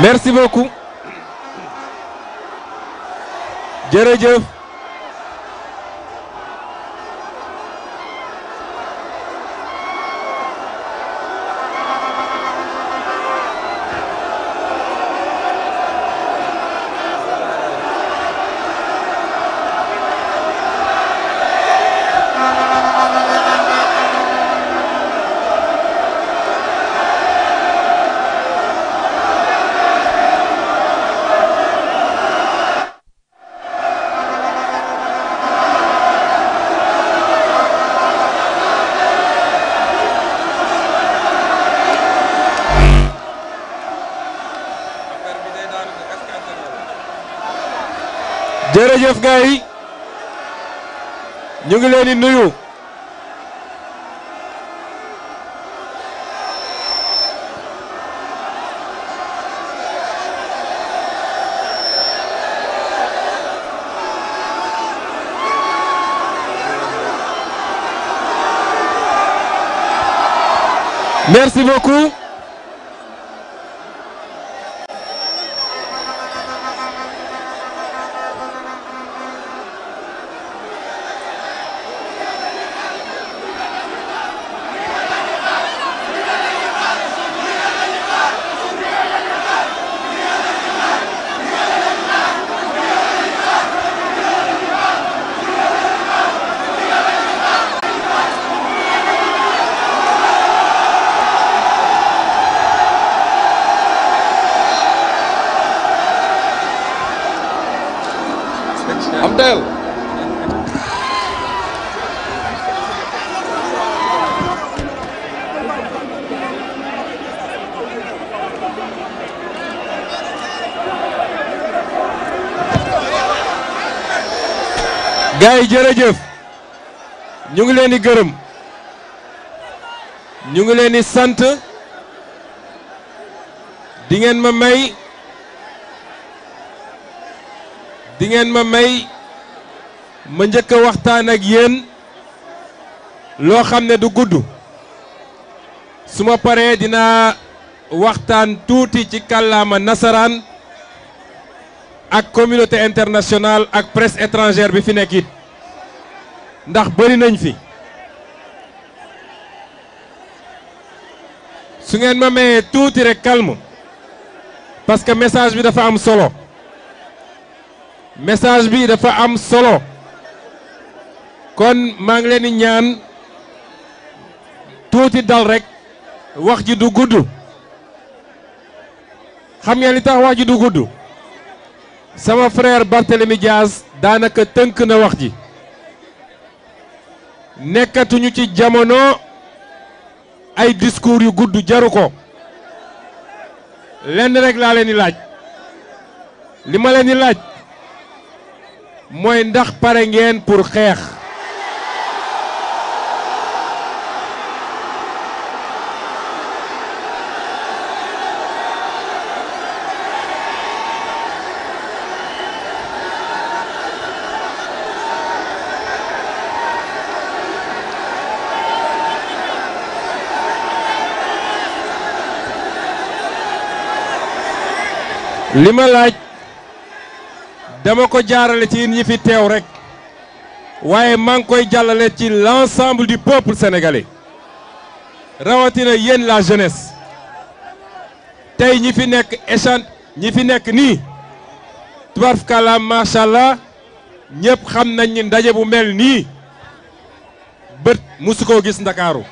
merci beaucoup jërëjëf jërëjëf gars yi ñu ngi leen di nuyu merci gars jërëjëf ñu ngi leen di gërëm ñu ngi leen di sant dingeen ma may dingeen ma may ma njëkk a waxtaan ak yéen loo xam ne du gudd su ma paree dinaa waxtaan tuuti ci kàllaama nasaraan ak communauté internationale ak presse étrangère bi fi nekk it ndax bëri nañ fi su ngeen ma mayee tuuti rek calme parce que message bi dafa am solo message bi dafa am solo kon maa ngi leen di ñaan tuuti dal rek wax ji du gudd xam ngeen li tax wax ji du gudd sama frère Barthélémy Diaz daanaka tënk na wax ji nekkatuñu ci jamono ay discours yu gudd jaru ko lenn rek laa leen di laaj li ma leen di laaj moy ndax pare ngeen pour xeex li ma laaj dama ko jaarale ci ñi fi teew rek waaye maa ngi koy jàllale ci l'ensemble di peuple sénégalais rawatina yéen la jeunesse tey ñi fi nekk échant ñi fi nekk nii tubarfakala macha allah ñépp xam nañ ndaje bu mel nii bët musu koo gis ndakaaru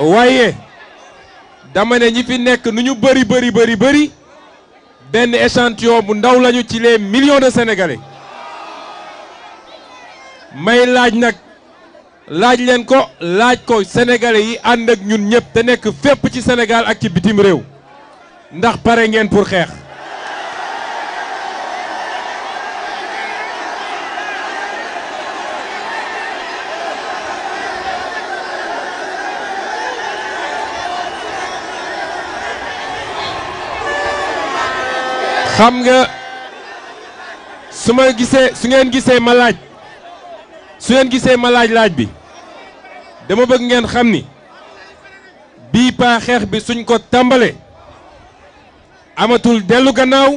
waaye dama ne ñi fi nekk nu ñu bëri bëri bëri bëri benn échantillon bu ndaw lañu ci les millions de sénégalais may laaj nag laaj leen ko laaj ko sénégalais yi ànd ak ñun ñëpp te nekk fépp ci senegal ak ci bitim réew ndax pare ngeen pour xeex. xam nga su ma gisee su ngeen gisee ma laaj su ngeen gisee ma laaj laaj bi dama bëgg ngeen xam ni bii paa bi suñ ko tàmbalee amatul dellu gannaaw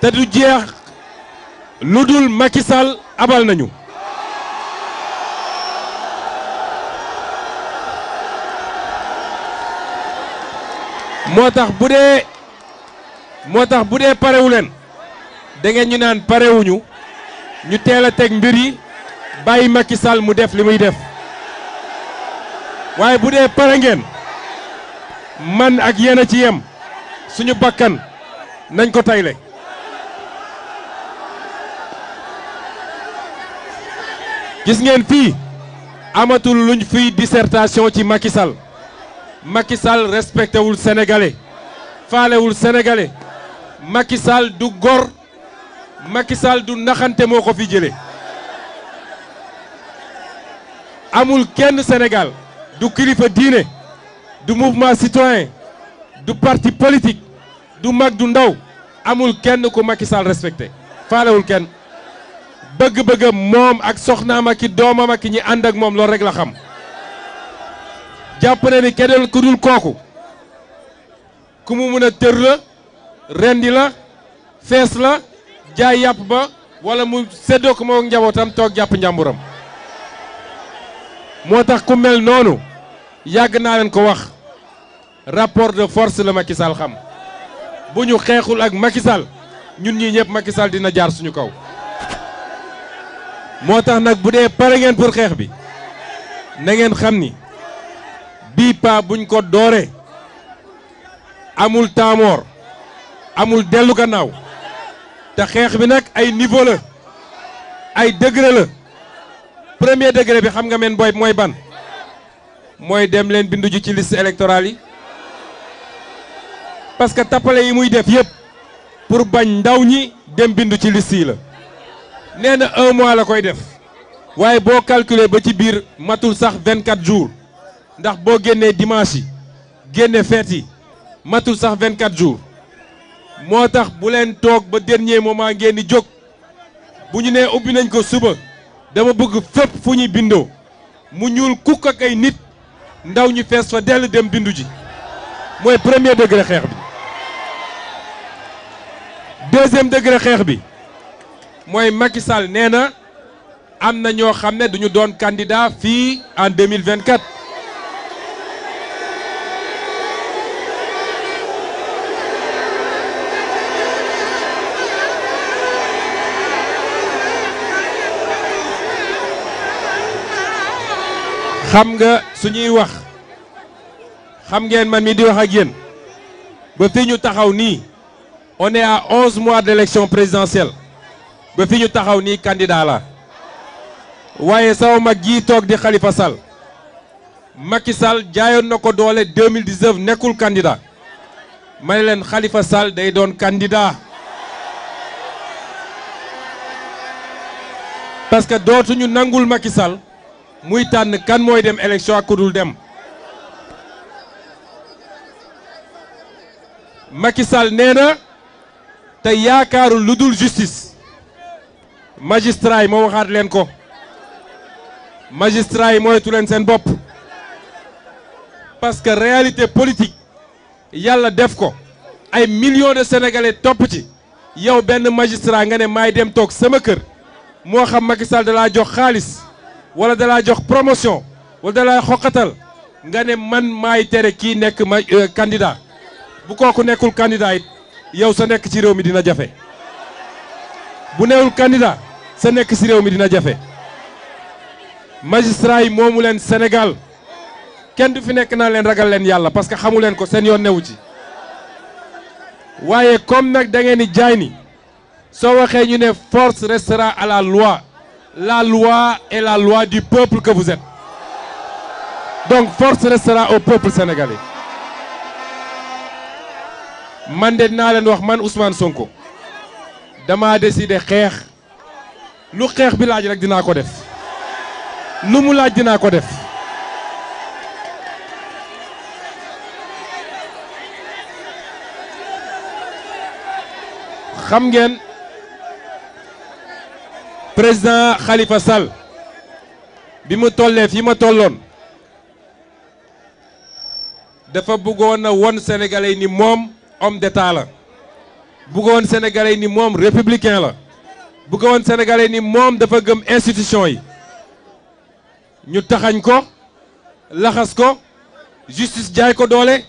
te du jeex lu dul Macky Sall abal nañu. moo tax bu dee parewu leen da ñu naan parewuñu ñu teel a teg mbir yi bàyyi Macky Sall mu def li muy def waaye bu dee pare ngeen man ak yéen a ci yem suñu bakkan nañ ko tayle gis ngeen fii amatul luñ fiy dissertation ci Macky Sall Macky Sall respecté wul sénégalais faalewul sénégalais Macky Sall du gor Macky Sall du naxante moo ko fi jëlee amul kenn Sénégal du kilifa diine du mouvement citoyen du parti politik du mag du ndaw amul kenn ku Macky Sall respecté faalewul kenn bëgg-bëggam moom ak soxnaam ak i doomam ak ñi ànd moom loolu rek la xam jàpp na ni keneen ku dul kooku ku mu mun a rendi la fees la jaay yàpp ba walla mu seddoo ko moom njabootam toog jàpp njàmburam moo tax ku mel noonu yàgg naa leen ko wax rapport de force la Macky Sall xam bu ñu xeexul ak makisal ñun ñii ñëpp Macky Sall dina jaar suñu kaw moo tax nag bu dee pare ngeen pour xeex bi na ngeen xam ni bii paa buñ ko doore amul taamoor amul dellu gannaaw te xeex bi nag ay niveau la ay degré la premier degré bi xam nga men booy mooy ban mooy dem leen binduju ci liste électorale yi parce que tappale yi muy def yëpp pour bañ ndaw ñi dem bindu ci liste yi la nee na un mois la koy def waaye boo calculer ba ci biir matul sax vingt quatre jours ndax boo génnee dimanche yi génne fête yi matul sax vingt quatre jours moo tax bu leen toog ba dernier moment ngeen di jóg bu ñu nee ubbi nañ ko suba dama bëgg fépp fu ñuy bindoo mu ñuul kukk ak ay nit ndaw ñu fees fa dell dem bindu ji mooy premier degré xeex bi deuxième degré xeex bi mooy Macky Sall nee na am na ñoo xam ne duñu doon candidat fii en 2024 xam nga suñuy wax xam ngeen man mi di wax ak yéen ba fi ñu taxaw nii on est à onze mois d'élection présidentielle ba fi ñu taxaw nii candidat la waaye sama mag jii toog di Khalifa Sall Macky Sall jaayoon na ko doole 2019 nekkul candidat ma ne leen Khalifa Sall day doon candidat parce que dootuñu nangul Macky Sall muy tànn kan mooy dem élection ak ku dul dem Macky nee na te yaakaarul lu dul justice magistrat yi moo waxaat leen ko magistrat yi moytu leen seen bopp parce que réalité politique yàlla def ko ay millions de sénégalais topp ci yow benn magistrat nga ne maay dem toog sama kër moo xam Macky Sall da laa jox xaalis. wala dalaa jox promotion wala dalaa xoqatal nga ne man maay tere kii nekk ma euh, candidat bu kooku nekkul candidat yow sa nekk ci réew mi dina jafe bu newul candidat sa nekk ci réew mi dina jafe magistrat yi moomu leen senegal kenn du fi nekk naa leen ragal leen yàlla parce que xamu leen ko seen yoon newu ci waaye comme nag da ngeen di jaay ni soo waxee ñu ne force restera à la laal loi est la loi du peuple que Donc force restera au peuple sénégalais. man de dinaa leen wax man Ousmane Sonko dama décidé xeex lu xeex bi laaj rek dinaa ko def lu mu laaj dinaa ko def xam ngeen président xalifa sal bi mu tollee fi ma tolloon dafa bëggoon won sénégalais yi ni moom om d'état la bëggoon sénégalais yi ni moom républicain la bëggoon sénégalais yi ni moom dafa gëm institution yi ñu taxañ ko laxas ko justice jaay ko doole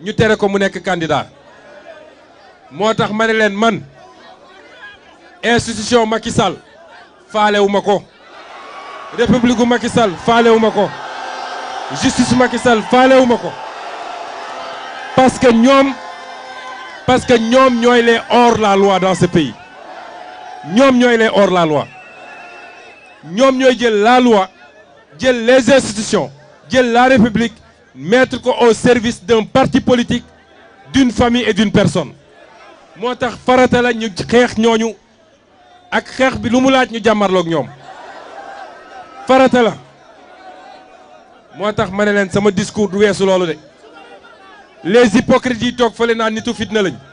ñu tere ko mu nekk candidat moo tax ma ne leen man institution Macky Sall faalewu ma ko république gu Macky Sall faalewu ma ko justice Macky Sall faalewu ma ko parce que ñoom parce que ñoom ñooy les hors la loi dans ce pays ñoom ñooy les hors la loi ñoom ñooy jël la loi jël les institutions jël la république mettre ko au service d'un parti politique d'une famille et d'une personne moo tax farata ñu xeex ñooñu ak xeex bi lu mu laaj ñu jàmmarloog ñoom farata la moo tax ma ne leen sama discours du weesu loolu de les hypocrites yi toog fële naa nitu fitna lañ